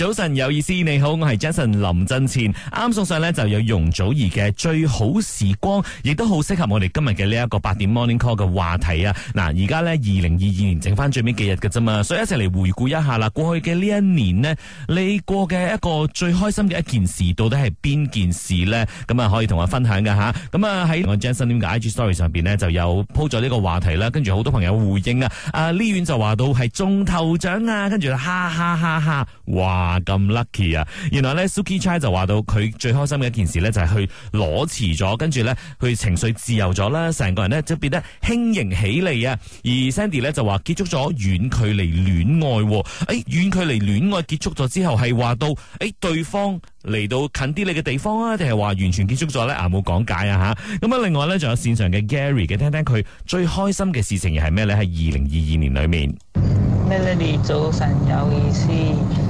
早晨有意思，你好，我係 Jason 林振前。啱送上呢就有容祖兒嘅最好時光，亦都好適合我哋今日嘅呢一個八點 Morning Call 嘅話題啊！嗱，而家呢，二零二二年剩翻最尾幾日嘅啫嘛，所以一齊嚟回顧一下啦。過去嘅呢一年呢，你過嘅一個最開心嘅一件事，到底係邊件事呢？咁啊，可以同我分享㗎吓。咁啊，喺我 Jason 點解 IG story 上邊呢，就有鋪咗呢個話題啦。跟住好多朋友回應啊，啊呢院就話到係中頭獎啊，跟住哈哈哈哈，哇！咁 lucky 啊！原來咧 Suki Cha 就話到佢最開心嘅一件事咧就係去裸辭咗，跟住咧佢情緒自由咗啦，成個人咧就變得輕盈起嚟啊！而 Sandy 咧就話結束咗遠距離戀愛，誒、哎、遠距離戀愛結束咗之後係話到誒、哎、對方嚟到近啲你嘅地方啊，定係話完全結束咗咧啊？冇講解啊吓！咁啊，另外咧仲有線上嘅 Gary 嘅，聽聽佢最開心嘅事情係咩咧？喺二零二二年裏面，咩 l 早晨有意思。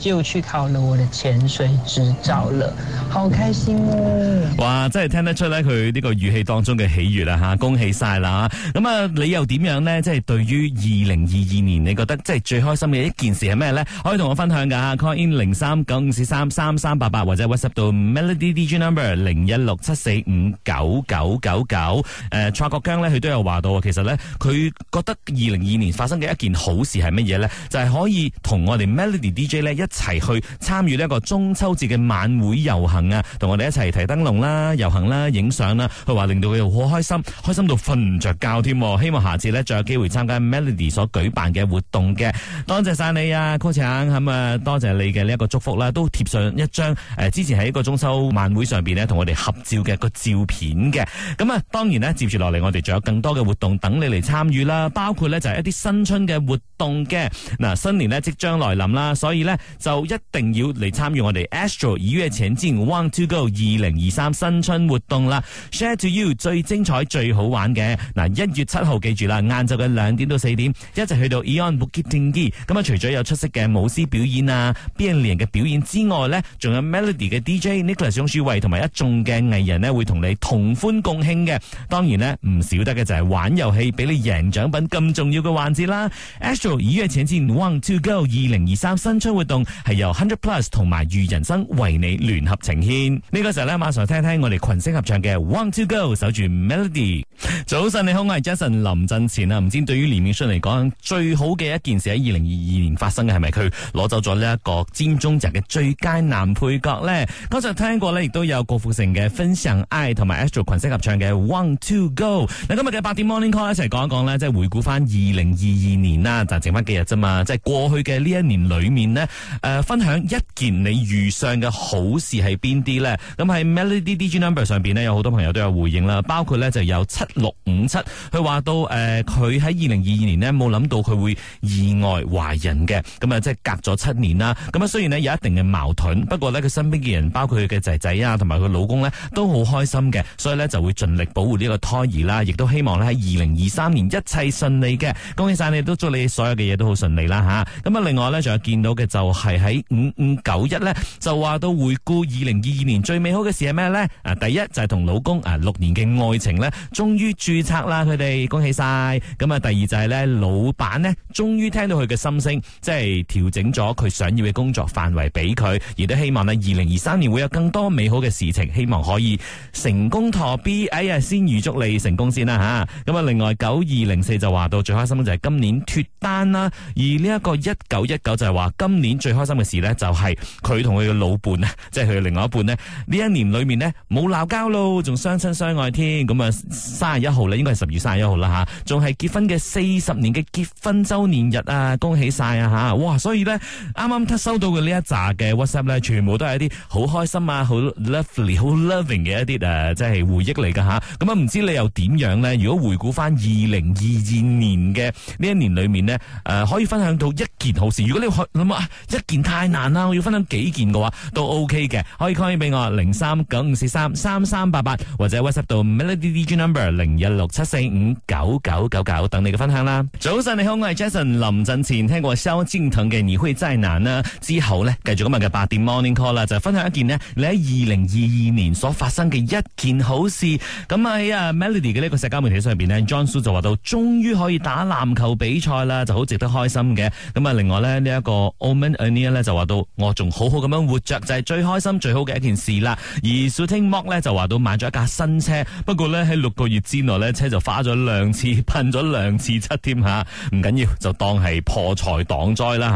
就去考了我的潛水執照了，好開心哦、啊！哇，真係聽得出咧，佢呢個語氣當中嘅喜悅啦吓，恭喜晒啦！咁啊，你又點樣呢？即係對於二零二二年，你覺得即係最開心嘅一件事係咩呢？可以同我分享噶 Call in 零三九五四三三三八八，或者 whatsapp 到 Melody DJ number 零一六七四五九九九九。誒，蔡國強呢，佢都有話到，其實呢，佢覺得二零二二年發生嘅一件好事係乜嘢呢？就係可以同我哋 Melody DJ 呢。一。一齊去參與呢一個中秋節嘅晚會遊行啊，同我哋一齊提燈籠啦、遊行啦、影相啦，佢話令到佢好開心，開心到瞓唔着覺添。希望下次呢，仲有機會參加 Melody 所舉辦嘅活動嘅。多謝晒你啊，Co-Chair，咁啊，多謝你嘅呢一個祝福啦，都貼上一張誒、呃，之前喺一個中秋晚會上邊呢，同我哋合照嘅個照片嘅。咁啊，當然呢，接住落嚟我哋仲有更多嘅活動等你嚟參與啦，包括呢就係、是、一啲新春嘅活動嘅。嗱、啊，新年呢，即將來臨啦，所以呢。就一定要嚟參與我哋 Astro 二月前先 One Two Go 二零二三新春活動啦！Share To You 最精彩、最好玩嘅嗱，一月七號記住啦，晏晝嘅兩點到四點，一直去到 Eon Bukit Tinggi。咁啊，除咗有出色嘅舞獅表演啊、B N 藝人嘅表演之外呢，仲有 Melody 嘅 DJ Nicholas 張書偉同埋一眾嘅藝人呢，會同你同歡共慶嘅。當然呢，唔少得嘅就係玩遊戲俾你贏獎品咁重要嘅環節啦！Astro 二月前先 One Two Go 二零二三新春活動。係由 Hundred Plus 同埋愚人生為你聯合呈現呢、這個時候咧，馬上聽聽我哋群星合唱嘅《Want To Go》，守住 Melody。早晨，你好，我係 Jason 林。臨陣前啊，唔知對於連奕迅嚟講，最好嘅一件事喺二零二二年發生嘅係咪佢攞走咗呢一個占中席嘅最佳男配角呢。剛才聽過呢，亦都有郭富城嘅《分享 I》同埋 Astro 群星合唱嘅《One Two Go》。嗱，今日嘅八點 Morning Call 一齊講一講呢，即係回顧翻二零二二年啦，就剩翻幾日啫嘛。即係過去嘅呢一年裏面呢，誒、呃，分享一件你遇上嘅好事係邊啲呢？咁喺 Melody DJ Number 上邊呢，有好多朋友都有回應啦，包括呢就有七。六五七，佢話到誒，佢喺二零二二年呢冇諗到佢會意外懷孕嘅，咁啊即係隔咗七年啦。咁啊雖然呢有一定嘅矛盾，不過呢，佢身邊嘅人，包括佢嘅仔仔啊，同埋佢老公呢，都好開心嘅，所以呢，就會盡力保護呢個胎兒啦，亦都希望呢，喺二零二三年一切順利嘅。恭喜晒你，都祝你所有嘅嘢都好順利啦吓。咁啊，另外呢，仲有見到嘅就係喺五五九一呢，就話到回顧二零二二年最美好嘅事係咩呢？啊，第一就係、是、同老公啊六年嘅愛情呢，終。於註冊啦，佢哋恭喜晒。咁啊，第二就係咧，老闆呢，終於聽到佢嘅心聲，即係調整咗佢想要嘅工作範圍俾佢，亦都希望呢，二零二三年會有更多美好嘅事情，希望可以成功托 B。哎呀，先預祝你成功先啦吓。咁啊，另外九二零四就話到最開心就係今年脫單啦。而呢一個一九一九就係話今年最開心嘅事呢，就係佢同佢嘅老伴啊，即係佢嘅另外一半呢，呢一年裏面呢，冇鬧交咯，仲相親相愛添。咁啊，卅一號咧，應該係十月卅一號啦吓，仲係結婚嘅四十年嘅結婚周年日啊！恭喜晒啊吓，哇！所以咧，啱啱收到嘅呢一紮嘅 WhatsApp 咧，全部都係一啲好開心啊，好 lovely，好 loving 嘅一啲誒，即、呃、係、就是、回憶嚟噶吓。咁啊，唔、嗯、知你又點樣咧？如果回顧翻二零二二年嘅呢一年裏面咧，誒、呃，可以分享到一件好事。如果你諗啊，一件太難啦，我要分享幾件嘅話都 OK 嘅，可以 call 翻俾我零三九五四三三三八八，或者 WhatsApp 到 melodydjnumber。零一六七四五九九九九，等你嘅分享啦。早晨，你好，我係 Jason 林。林陣前聽過蕭敬騰嘅你會在難啦之後呢繼續今日嘅八點 morning call 啦，就分享一件呢你喺二零二二年所發生嘅一件好事。咁喺啊 Melody 嘅呢個社交媒體上邊呢 j o h n 蘇就話到終於可以打籃球比賽啦，就好值得開心嘅。咁啊，另外呢，呢、這、一個 Oman Ania 呢，就話到我仲好好咁樣活着，就係、是、最開心最好嘅一件事啦。而 Shooting m k 呢，就話到買咗一架新車，不過呢，喺六個月。之內咧，車就花咗兩次，噴咗兩次漆添吓，唔緊要，就當係破財擋災啦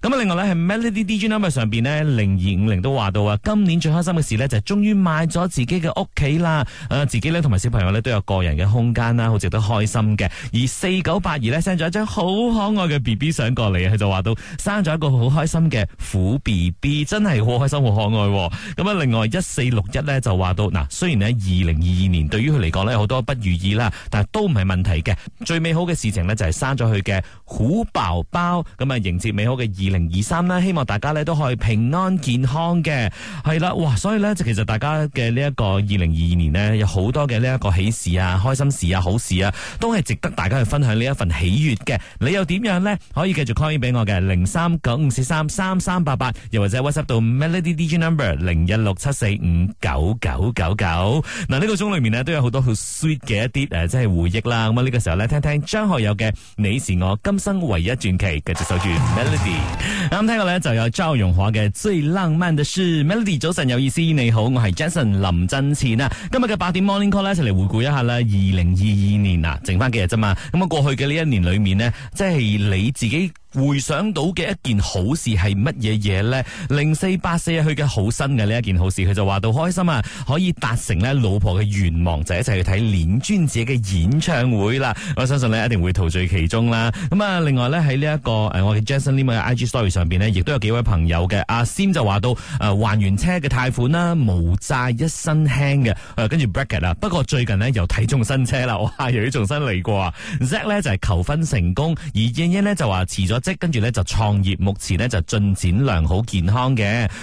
吓。咁啊，另外咧係 Melody DJ 啊咪上邊呢？零二五零都話到啊，今年最開心嘅事呢，就係終於買咗自己嘅屋企啦。誒、啊，自己呢，同埋小朋友呢，都有個人嘅空間啦，好值得開心嘅。而四九八二呢，send 咗一張好可愛嘅 B B 相過嚟，佢就話到生咗一個好開心嘅虎 B B，真係好開心好可愛。咁啊，另外一四六一呢，就話到嗱、啊，雖然呢，二零二二年對於佢嚟講咧，有好多如意啦，但係都唔係問題嘅。最美好嘅事情呢，就係生咗佢嘅虎寶寶，咁啊迎接美好嘅二零二三啦！希望大家呢都可以平安健康嘅，係啦，哇！所以呢，其實大家嘅呢一個二零二二年呢，有好多嘅呢一個喜事啊、開心事啊、好事啊，都係值得大家去分享呢一份喜悅嘅。你又點樣呢？可以繼續 call 俾我嘅零三九五四三三三八八，又或者 WhatsApp 到 Melody DJ Number 零一六七四五九九九九。嗱，呢個鐘裏面呢，都有好多好 sweet。嘅一啲誒，即係回憶啦。咁啊，呢個時候咧，聽聽張學友嘅《你是我今生唯一傳奇》，繼續守住 Melody。啱、 嗯、聽過咧，就有趙詠華嘅《最浪漫的事》。Melody，早晨有意思，你好，我係 Jason 林振錢啊。今日嘅八點 Morning Call 咧，一齊嚟回顧一下啦。二零二二年啊，剩翻幾日啫嘛。咁啊，過去嘅呢一年裏面呢，即係你自己，回想到嘅一件好事係乜嘢嘢咧？零四八四去嘅好新嘅呢一件好事，佢就話到開心啊，可以達成咧老婆嘅願望，就一齊去睇李尊者嘅演唱會啦！我相信你一定會陶醉其中啦。咁啊，另外咧喺呢一、這個誒我嘅 Jason Lim 嘅 I G Story 上邊呢，亦都有幾位朋友嘅阿仙就話到誒、啊、還完車嘅貸款啦，無債一身輕嘅、啊。跟住 Bracket 啊，不過最近呢又睇中新車啦，哇又要重新嚟過啊！Z 咧就係、是、求婚成功，而英英呢就話遲咗。即跟住咧就創業，目前呢，就進展良好、健康嘅。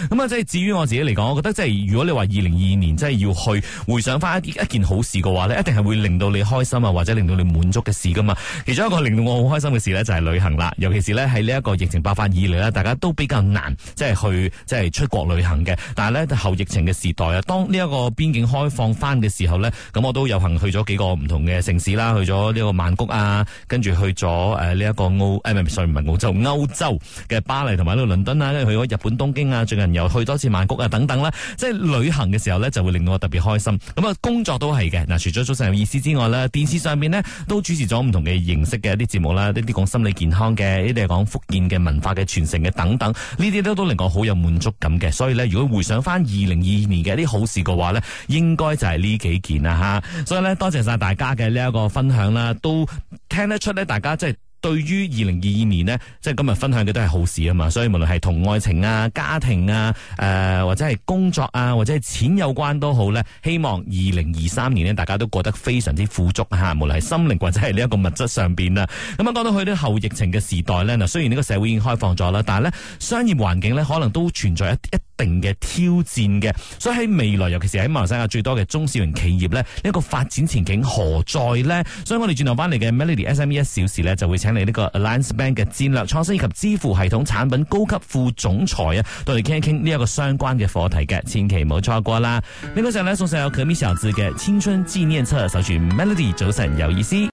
咁啊，即係至於我自己嚟講，我覺得即係如果你話二零二二年真係要去回想翻一件好事嘅話呢，一定係會令到你開心啊，或者令到你滿足嘅事噶嘛。其中一個令到我好開心嘅事呢，就係旅行啦，尤其是呢，喺呢一個疫情爆發以嚟呢，大家都比較難即係去即係出國旅行嘅。但係呢，後疫情嘅時代啊，當呢一個邊境開放翻嘅時候呢，咁我都有幸去咗幾個唔同嘅城市啦，去咗呢個曼谷啊，跟住去咗呢一個澳就歐洲嘅巴黎同埋呢個倫敦啊，跟住去咗日本東京啊，最近又去多次曼谷啊，等等啦，即係旅行嘅時候呢，就會令到我特別開心。咁啊，工作都係嘅。嗱，除咗早上有意思之外啦，電視上面呢都主持咗唔同嘅形式嘅一啲節目啦，一啲講心理健康嘅，一啲係講福建嘅文化嘅傳承嘅等等，呢啲都都令我好有滿足感嘅。所以呢，如果回想翻二零二二年嘅一啲好事嘅話呢，應該就係呢幾件啦吓。所以呢，多謝晒大家嘅呢一個分享啦，都聽得出呢，大家真係。對於二零二二年呢，即係今日分享嘅都係好事啊嘛，所以無論係同愛情啊、家庭啊、誒、呃、或者係工作啊或者係錢有關都好呢，希望二零二三年呢，大家都過得非常之富足吓，無論係心靈或者係呢一個物質上邊啊。咁、嗯、啊，講到去啲後疫情嘅時代呢，嗱雖然呢個社會已經開放咗啦，但係呢商業環境呢，可能都存在一啲一。定嘅挑戰嘅，所以喺未來，尤其是喺馬來西亞最多嘅中小型企業呢，呢、呢個發展前景何在呢？所以我哋轉頭翻嚟嘅 Melody SME 一小時呢，就會請嚟呢個 Alliance Bank 嘅戰略創新以及支付系統產品高級副總裁啊，同我哋傾一傾呢一個相關嘅課題嘅，千祈唔好錯過啦！呢個時候咧，送上有可米小子嘅青春紀念冊，守住 Melody 早晨有意思。